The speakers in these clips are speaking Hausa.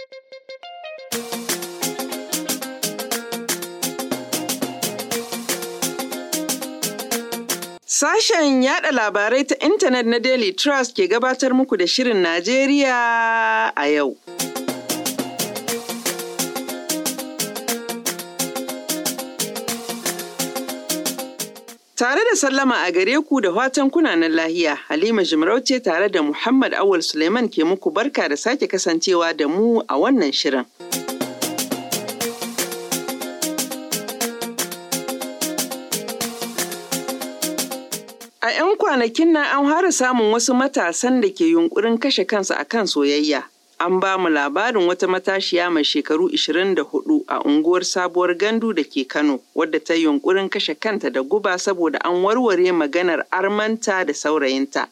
Sashen yada labarai ta intanet na Daily Trust ke gabatar muku da Shirin Najeriya a yau. Tare da sallama a gare ku da watan kunanan lahiya, Halima Jimarauce tare da Muhammad Awal Suleiman ke muku barka da sake kasancewa da mu a wannan shirin. A 'yan kwanakin na an hara samun wasu matasan da ke yunkurin kashe kansu a kan soyayya, an ba mu labarin wata matashiya mai shekaru 24 a unguwar sabuwar gandu da ke Kano wadda ta yi yunkurin kashe kanta da guba saboda an warware maganar armanta da saurayinta.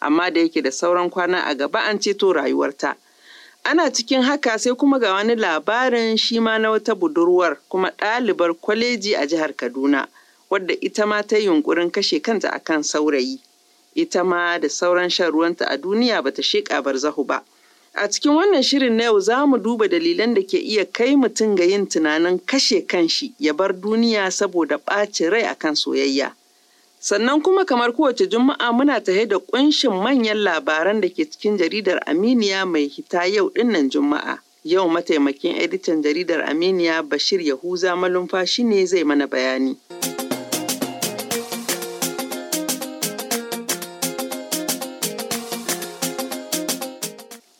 Amma da yake da sauran kwana a gaba an ceto rayuwarta. Ana cikin haka sai kuma ga wani labarin shi ma na wata budurwar kuma ɗalibar kwaleji a jihar Kaduna wadda ita ma ta yunkurin kashe kanta akan saurayi. Ita ma da sauran shan ruwanta a duniya bata sheƙa barzahu ba. A cikin wannan shirin na yau za mu duba dalilan da ke iya kai mutum ga yin tunanin kashe kanshi ya bar duniya saboda ɓacin rai a kan soyayya. Sannan kuma kamar kowace juma'a muna tahe da ƙunshin manyan labaran da ke cikin jaridar Aminiya mai hita yau dinnan juma'a. Yau mataimakin editan jaridar Aminiya Bashir Yahuza malumfashi ne zai mana bayani.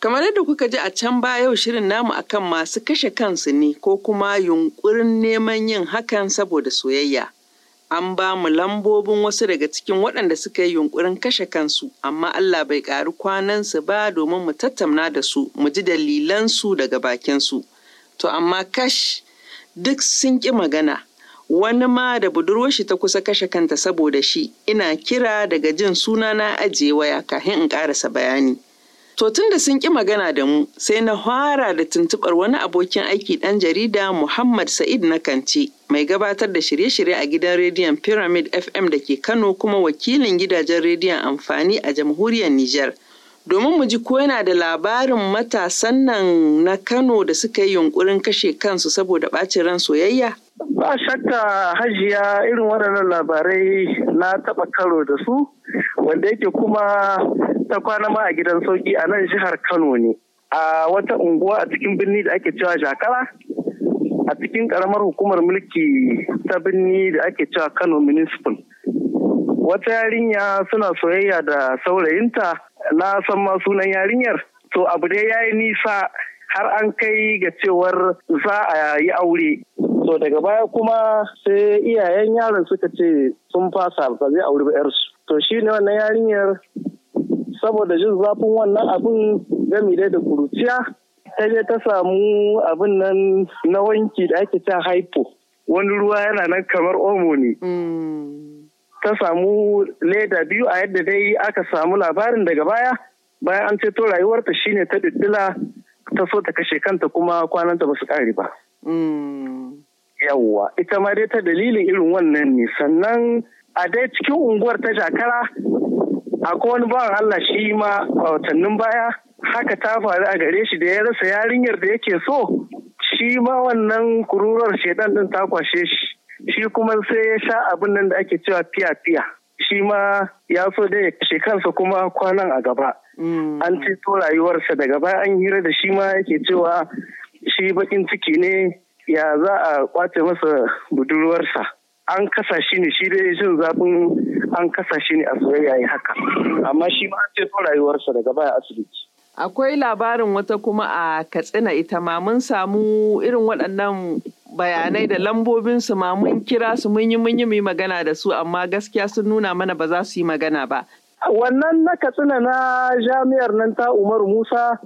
Kamar yadda kuka ji a can ba yau shirin namu akan masu kashe kansu ne ko kuma yunkurin neman yin hakan saboda soyayya. An ba mu lambobin wasu daga cikin waɗanda suka yi yunkurin kashe kansu, amma Allah bai ƙari kwanansu ba domin mu tattauna da su, mu ji dalilansu daga bakinsu. To amma kash duk sun ƙi magana. Wani ma da budurwashi ta kusa kashe kanta saboda shi, ina kira daga jin sunana ajiye waya kafin in ƙarasa bayani. To tun da sun ƙi magana da mu sai na fara da tuntuɓar wani abokin aiki ɗan jarida Muhammad Sa'id na Kanti mai gabatar da shirye-shirye a gidan rediyon Pyramid FM da ke Kano kuma wakilin gidajen rediyon amfani a jamhuriyar Nijar. Domin mu ji ko yana da labarin matasan nan na Kano da suka yi yunkurin kashe kansu saboda ɓacin ran soyayya? Ba shakka hajiya irin waɗannan labarai na taɓa karo da su wanda yake kuma ta kwana ma a gidan sauki a nan jihar Kano ne. A wata unguwa a cikin birni da ake cewa Jakara, a cikin ƙaramar hukumar mulki ta birni da ake cewa Kano Municipal. Wata yarinya suna soyayya da saurayinta na san ma sunan yarinyar. To abu dai ya yi nisa har an kai ga cewar za a yi aure to daga baya kuma sai iyayen yaron suka ce sun fasa ba zai auri ba yarsu to shi ne wannan yarinyar saboda jin zafin wannan abin gami dai da kuruciya ta je ta samu abin nan na wanki da ake ta haifo. wani ruwa yana nan kamar omo ne hmm. ta samu leda biyu a yadda dai aka samu labarin daga baya bayan an ceto rayuwarta shine ta diddila ta so ta kashe kanta kuma kwananta ba su kare ba. Hmm. Yawwa, ita ma dai ta dalilin irin wannan ne. Sannan a dai cikin unguwar ta jakara, akwai wani bawan Allah shi ma a watannin baya, haka ta faru a gare shi da ya rasa yarinyar da yake so, shi ma wannan kururar shedan din ta kwashe shi. Shi kuma sai ya sha abin nan da ake cewa fiya-fiya. Shi ma ya so dai ya kashe kansa kuma kwanan a gaba. Hmm. An ceto rayuwarsa daga baya an hira da shi ma yake cewa shi bakin ciki ne ya za a kwace masa budurwarsa an kasa shi ne shi dai jin zafin an kasa shi ne a soyayya yi haka amma shi ma an ceto rayuwarsa daga baya asibiti akwai labarin wata kuma a katsina ita ma mun samu irin waɗannan bayanai da lambobinsu ma mun kira su mun yi mun yi magana da su amma gaskiya sun nuna mana ba za su yi magana ba wannan na katsina na jami'ar nan ta umar musa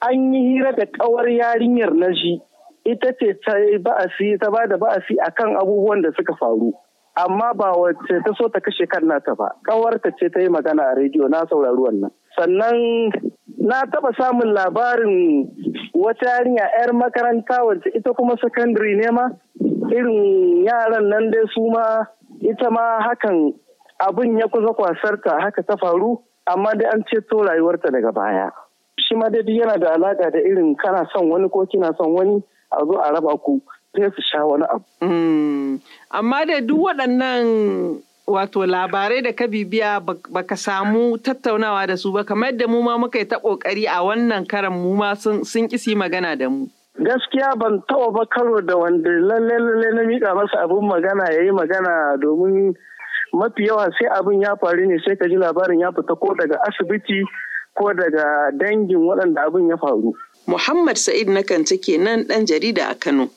an yi hira da kawar yarinyar na shi ita ce ta yi ba'asi ta ba da ba'asi akan abubuwan da suka faru amma ba wace ta so ta kashe kan nata ba kawarta ce ta yi magana a rediyo na saurari wannan sannan na taba samun labarin wata yarinya 'yar makaranta wacce ita kuma secondary ne ma irin yaran nan dai su ma ita ma hakan abin ya kusa kwasarta haka ta faru amma dai an ceto rayuwarta daga baya shi ma dai yana da alaka da irin kana son wani ko kina son wani a zo a raba ku sai su sha wani abu. Hmm. Amma da duk waɗannan wato labarai da ka bibiya baka samu tattaunawa da su ba kamar da mu ma muka yi ta kokari a wannan karan mu ma sun kisi magana da mu. Gaskiya ban taɓa ba karo da wanda lalle lalle na miƙa masa abin magana ya yi magana domin mafi yawa sai abin ya faru ne sai ka ji labarin ya fita ko daga asibiti ko daga dangin waɗanda abin ya faru. Muhammad Sa'id na Kanta kenan ɗan jarida a Kano.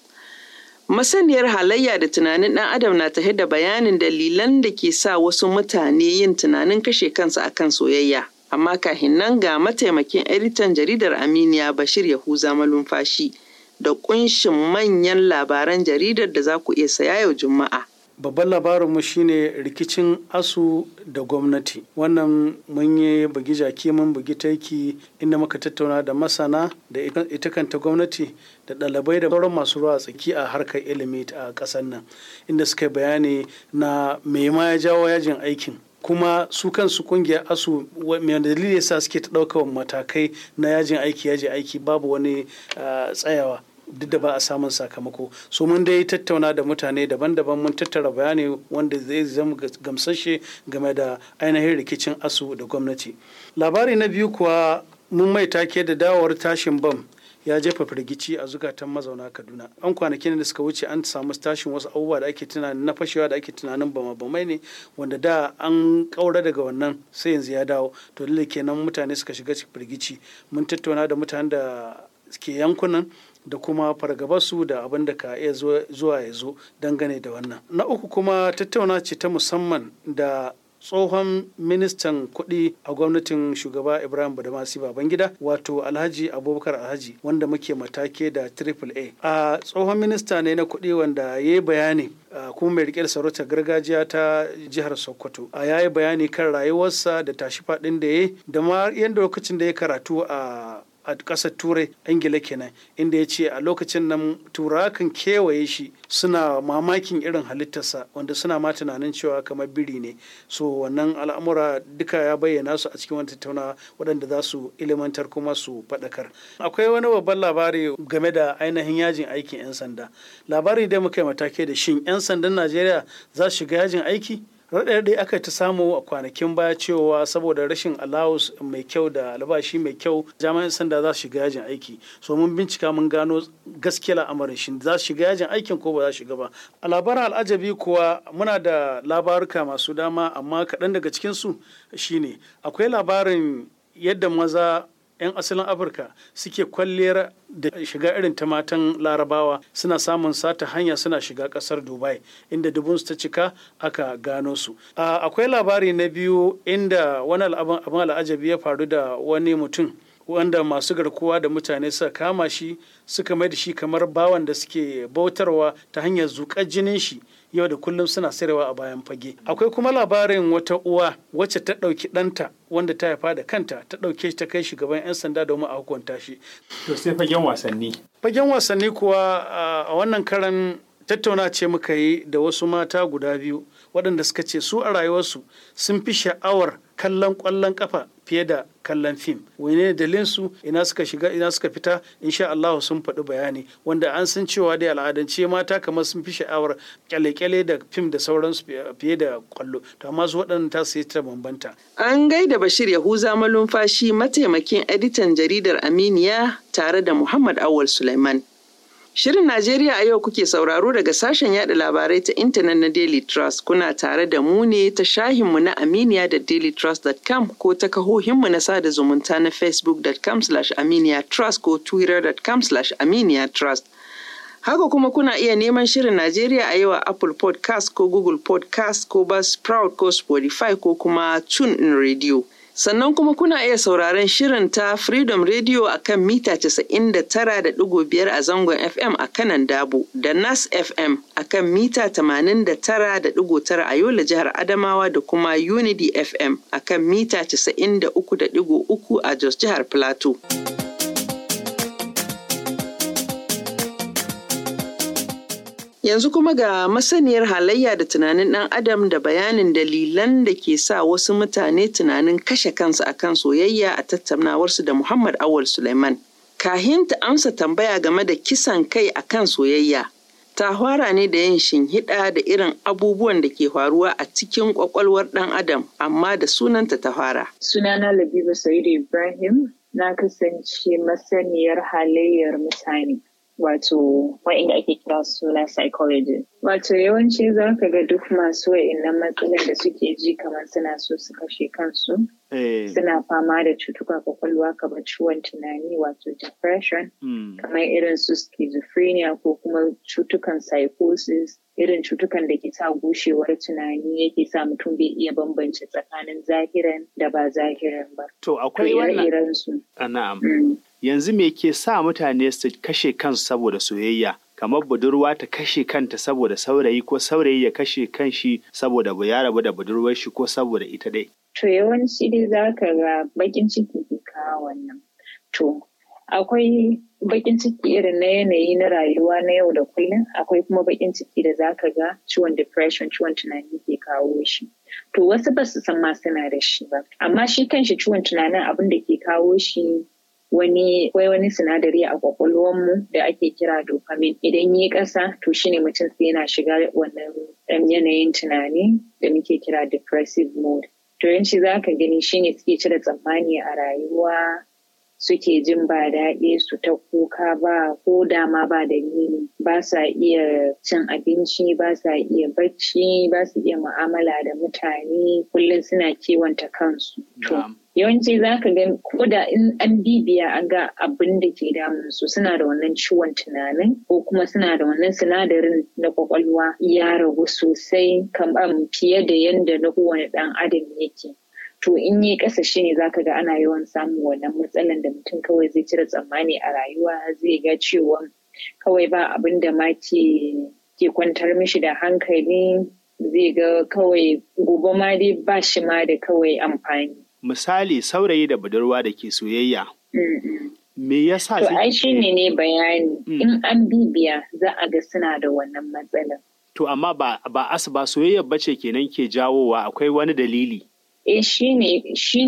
Masaniyar halayya da tunanin ɗan Adam na tafi da bayanin dalilan da ke sa wasu mutane yin tunanin kashe kansu akan soyayya. Amma kahin nan ga mataimakin editan jaridar Aminiya Bashir Yahuza Malumfashi da ƙunshin manyan labaran jaridar da za ku iya saya yau Juma'a. babban mu shine rikicin asu da gwamnati wannan mun yi bugi jaki mun bugi taiki inda muka tattauna da masana da ita kanta gwamnati da ɗalibai da sauran masu ruwa tsaki a harkar ilimi a ƙasar nan inda suka yi bayani na me ma ya jawo yajin aikin kuma su kansu kungiyar asu mai dalili yasa suke ta ɗaukar matakai na yajin aiki yaji aiki babu wani ah, tsayawa duk da ba a samun sakamako su mun dai tattauna da mutane daban-daban mun tattara bayani wanda zai zama gamsashe game da ainihin rikicin asu da gwamnati labari na biyu kuwa mun mai take da dawowar tashin bam ya jefa firgici a zukatan mazauna kaduna an kwanakin da suka wuce an samu tashin wasu abubuwa da ake tunanin na fashewa da ake tunanin bama bamai ne wanda da an kaura daga wannan sai yanzu ya dawo to lalle kenan mutane suka shiga firgici mun tattauna da mutanen da ke yankunan da kuma su da abin da ka iya zuwa ya zo dangane da wannan. Na uku kuma tattauna ce ta musamman da tsohon ministan kuɗi a gwamnatin shugaba ibrahim badamasi babangida wato alhaji abubakar alhaji wanda muke matake da triple a a tsohon minista ne na kuɗi wanda ya yi bayani kuma mai riƙe sarauta sarautar gargajiya ta jihar sokoto a ya yi bayani kan rayuwarsa da tashi faɗin da ya da ma yadda lokacin da ya karatu a a ƙasar turai ingila kenan inda ya ce a lokacin nan turakan kewaye shi suna mamakin irin halittarsa wanda suna ma tunanin cewa kamar biri ne so wannan al'amura duka ya bayyana su a cikin wani tattaunawa waɗanda za su ilimantar kuma su faɗakar akwai wani babban labari game da ainihin yajin aikin 'yan sanda labari dai muka yi matake da shin 'yan sandan najeriya za su shiga yajin aiki raɗaɗe dai aka ta samu a kwanakin baya cewa saboda rashin alawus mai kyau da albashi mai kyau jami'an sanda za su shiga yajin aiki so mun bincika mun gano gaskiya al'amarin shi za su shiga yajin aikin ko ba za su shiga ba a labaran al'ajabi kuwa muna da labaruka masu dama amma kaɗan daga cikinsu shine akwai labarin yadda maza 'yan asalin afirka suke kwalliyar da shiga irin ta matan larabawa suna samun sata hanya suna shiga kasar dubai inda dubunsu ta cika aka gano su akwai labari na biyu inda wani abin al'ajabi ya faru da wani mutum wanda masu garkuwa da mutane suka kama shi suka mai da shi kamar bawan da suke bautarwa ta hanyar zuƙar jinin shi yau da kullum suna sayarwa a bayan fage akwai kuma labarin wata uwa wacce ta ɗauki ɗanta wanda ta haifa da kanta ta ɗauke shi ta kai shi gaban 'yan sanda domin a hukunta shi to sai fagen wasanni fagen wasanni kuwa a wannan karan tattauna ce muka yi da wasu mata guda biyu waɗanda suka ce su a rayuwarsu sun fi sha'awar kallon kwallon kafa fiye da kallon fim wani ne dalilin su ina suka shiga ina suka fita insha Allah sun faɗi bayani wanda an san cewa dai al'adance mata kamar sun fi sha'awar kyale-kyale da fim da sauransu fiye da kwallo to amma su waɗannan ta sai ta bambanta an gaida Bashir Yahuza malumfashi mataimakin editan jaridar Aminiya tare da Muhammad Awal Suleiman Shirin Najeriya a yau kuke sauraro daga sashen yada labarai ta intanet na Daily Trust kuna tare da mu ne ta shahinmu na Aminiya da dailytrust.com ko ta kahohinmu na sada zumunta na facebookcom aminiyatrust ko twittercom aminiyatrust Haka kuma kuna iya neman shirin Najeriya a yau a Apple podcast ko Google podcast ko Buzzsprout ko Spotify ko kuma in Radio. Sannan kuma kuna iya sauraron shirin ta Freedom Radio a kan mita 99.5 a zangon FM a kanan Dabo da Nas FM a kan mita 89.9 a Yola jihar Adamawa da kuma Unity FM a kan mita 93.3 a Jos jihar Plateau. Yanzu kuma ga masaniyar halayya da tunanin ɗan adam da bayanin dalilan da ke sa wasu mutane tunanin kashe kansu a kan soyayya a tattaunawarsu da Muhammad Awal Suleiman. Kahin ta amsa tambaya game da kisan kai a kan soyayya, ta fara ne da yin shinhiɗa da irin abubuwan da ke faruwa a cikin ƙwaƙwalwar ɗan adam, amma da sunanta ta fara. Sunana Labiba Sa'idu Ibrahim na kasance masaniyar halayyar mutane. wato wa'inda ake kira suna psychology wato yawanci za ka ga duk masu wa'innan matsalar da suke ji kamar suna so su kashe kansu eh. suna fama da cutuka kwakwalwa kamar ciwon tunani wato depression hmm. kamar irin su schizophrenia ko kuma cutukan psychosis irin cutukan da ke sa gushewar tunani yake sa mutum bai iya bambance tsakanin zahiran da ba zahiran ba. To akwai wannan. yanzu me ke sa mutane su kashe kansu saboda soyayya kamar budurwa ta kashe kanta saboda saurayi ko saurayi ya kashe kanshi saboda ya rabu da budurwar shi ko saboda ita dai. To yawanci dai za ka ga bakin ciki ke kawo wannan. To akwai bakin ciki irin na yanayi na rayuwa na yau da kullum akwai kuma bakin ciki da za ka ga ciwon depression ciwon tunani ke kawo shi. To wasu ba su san ma suna da shi ba. Amma shi kanshi ciwon tunanin abin da ke kawo shi wani wai wani sinadari a mu da ake kira dopamine idan yi ƙasa to shine mutum sai yana shiga wannan yanayin tunani da muke kira depressive mode turanci za ka gani shine suke cire tsammani a rayuwa suke jin ba daɗi su ta kuka ba ko dama ba da dalili ba sa iya cin abinci ba sa iya bacci ba su iya mu'amala da mutane kullum suna kiwanta kansu. Yeah. yawanci za ka ga ko da in an bibiya a ga abin da ke damun su suna da wannan ciwon tunanin ko kuma suna da wannan sinadarin na kwakwalwa ya ragu sosai kamar um, fiye da yadda na kowane dan adam yake to in yi ƙasa shi ne zaka ga ana yawan samun wannan matsalan da mutum kawai zai cire tsammani a rayuwa zai ga cewa kawai ba abin da ma ke ke kwantar mishi da hankali zai ga kawai gobe ma dai ba shi ma da kawai amfani misali saurayi da budurwa da ke soyayya me yasa to ai ne bayani mm. in an bibiya za a ga suna da wannan matsalar to amma ba as ba soyayya bace kenan ke jawowa akwai wani dalili eh shi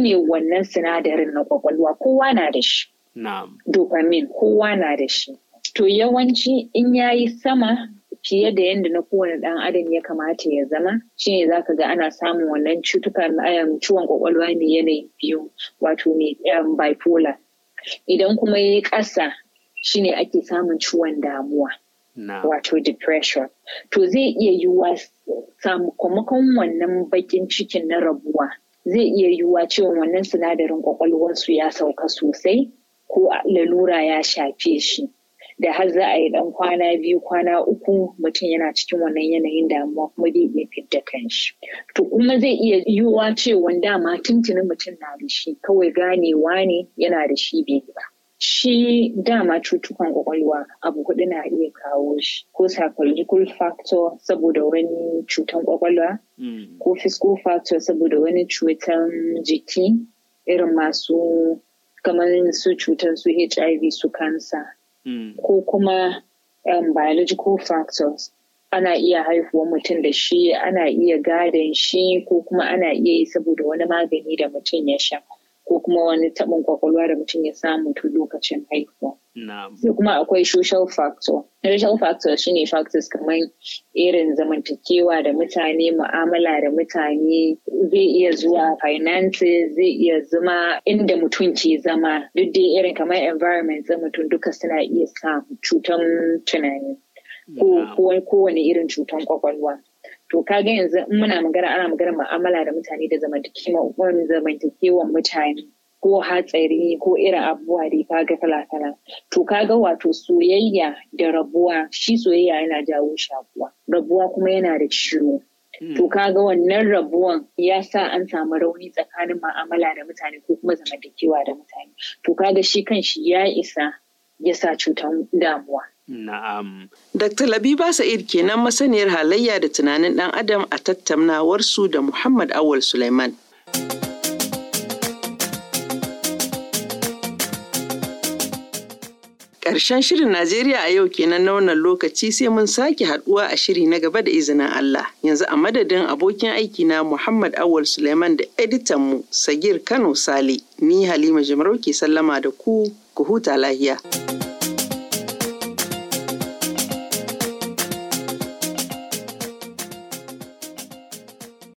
ne wannan sinadarin na kwakwalwa kowa na da shi na'am dopamine kowa na da shi to yawanci in yayi sama fiye da yadda na kowane ɗan adam ya kamata ya zama shine za ka ga ana samun wannan cutukan um, ciwon kwakwalwa mai yanayi biyu wato um, bipolar idan kuma ya yi ƙasa shine ake samun ciwon damuwa wato depression to zai iya yiwuwa sakamakon wannan baƙin cikin na rabuwa zai iya yiwuwa ciwon wannan sinadarin kwakwalwarsu ya sauka sosai ko lalura ya shafe shi da har za a yi dan kwana biyu kwana uku mutum yana cikin wannan yanayin damuwa kuma zai iya fidda kanshi to kuma zai iya yiwuwa cewa dama tuntunin mutum na da shi kawai ganewa ne yana da shi bai ba shi dama cutukan kwakwalwa abu hudu na iya kawo shi ko psychological factor saboda wani cutan kwakwalwa mm. ko physical factor saboda wani cutan jiki irin masu kamar su cutan su hiv su kansa Mm. ko kuma um, biological factors ana iya haifuwa mutum da shi ana iya gadon shi ko kuma ana iya yi saboda wani magani da mutum ya sha ko kuma wani taɓin kwakwalwa da mutum ya samu tun lokacin haihuwa. Sai kuma akwai social factor Social factors shine factors kamar irin zamantakewa da mutane, mu'amala da mutane zai iya zuwa finances zai iya zama inda mutum ke zama duk dai irin kamar environment zai mutum duka suna iya sa cutan tunani ko kowane irin cutan kwakwalwa. To ka ga yanzu in muna magana ana magana mu'amala da mutane da zamantakewa mutane. ko hatsari ko irin abubuwa da kaga kala-kala. To kaga wato soyayya da rabuwa shi soyayya yana jawo shakuwa, rabuwa kuma yana da shiru hmm. To kaga wannan rabuwan ya sa an samu rauni tsakanin ma'amala da mutane ko kuma zamantakewa da mutane. To kaga shi kan shi ya isa ya sa cutan damuwa. Na'am. Dr. Labiba Sa'id kenan masaniyar halayya da tunanin ɗan Adam a tattaunawarsu da Muhammad Awul Sulaiman. Karshen shirin Najeriya a yau kenan na wannan lokaci sai mun sake haɗuwa a shiri na gaba da izinin Allah. Yanzu a madadin abokin aiki na Muhammad Awal Suleiman da editan mu Sagir Kano Sale, ni Halima Jimarau ke sallama da ku, ku huta lahiya.